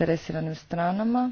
zainteresiranim stranama.